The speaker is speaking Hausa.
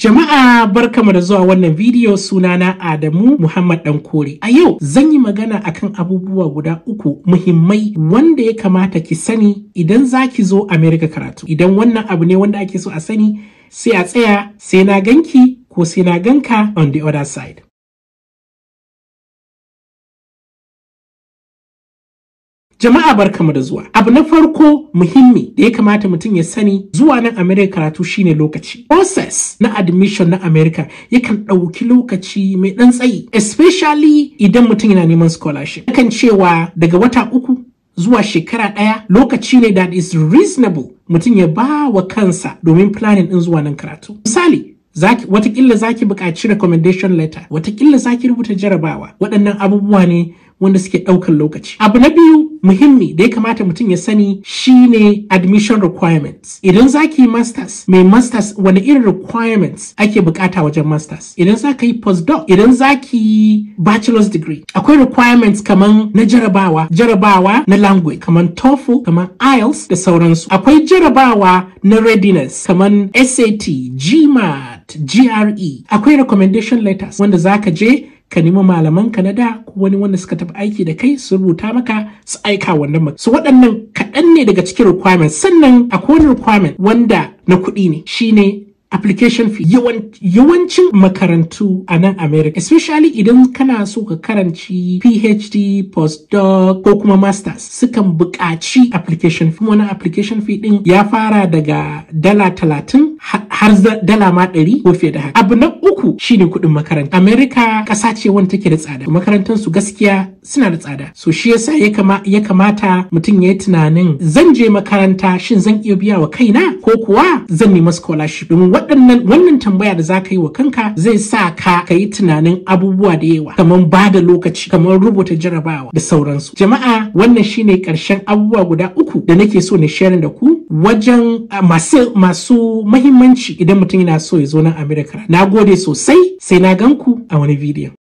Jama'a barkamu da zuwa wannan bidiyo sunana Adamu Muhammad Dankore. A yau zan yi magana akan abubuwa guda uku muhimmai wanda ya kamata ki sani idan za ki zo Amerika karatu. Idan wannan abu ne wanda ake so a sani sai a tsaya sai na ganki ko sai na ganka on the other side. Jama'a barkamu da zuwa. Abu na farko muhimmi da ya kamata mutum ya sani zuwa nan Amerika karatu shine lokaci. Process na admission na Amerika yakan ɗauki lokaci mai ɗan tsayi, especially idan mutum yana neman scholarship. Yakan cewa daga wata uku zuwa shekara ɗaya lokaci ne that is reasonable mutum ya ba wa kansa domin planning ɗin zuwa nan karatu. Misali, zaki watakila zaki buƙaci recommendation letter watakila zaki rubuta jarabawa waɗannan abubuwa ne wanda suke ɗaukar lokaci abu na biyu muhimmi da ya kamata mutum ya sani shine admission requirements idan za ki yi masters mai masters wani irin requirements ake bukata wajen masters idan za ka yi postdoc idan za ki yi bachelor's degree akwai requirements kaman na jarabawa jarabawa na language kaman TOEFL kaman IELTS da sauransu akwai jarabawa na readiness kaman SAT GMAT GRE akwai recommendation letters wanda za ka je ka nemi malaman ka na da ko wani wanda suka tafi aiki da kai su rubuta maka su aika wannan mutum su waɗannan kaɗan ne daga cikin requirement sannan akwai wani requirement wanda na kuɗi ne shine application fee yawancin makarantu a nan america especially idan kana so ka karanci phd postdoc ko kuma masters sukan bukaci application fee wani application fee din ya fara daga dala talatin har dala ma ɗari ko fiye da haka abu na uku shine kuɗin makaranta Amerika ƙasa ce wanda take da tsada makarantar su gaskiya suna da tsada so shi yasa ya kamata mutum ya yi tunanin zan je makaranta shin zan iya biya wa kaina ko kuwa zan nemi scholarship domin waɗannan wannan tambaya da za ka yi wa kanka zai sa ka ka yi tunanin abubuwa da yawa kamar ba da lokaci kamar rubuta jarabawa da sauransu jama'a wannan shine ƙarshen abubuwa guda uku da nake so na sharing da ku wajen ah, masu mahimmanci idan mutum yana so ya zo nan Amerika. Na gode sosai sai na ganku a wani bidiyon.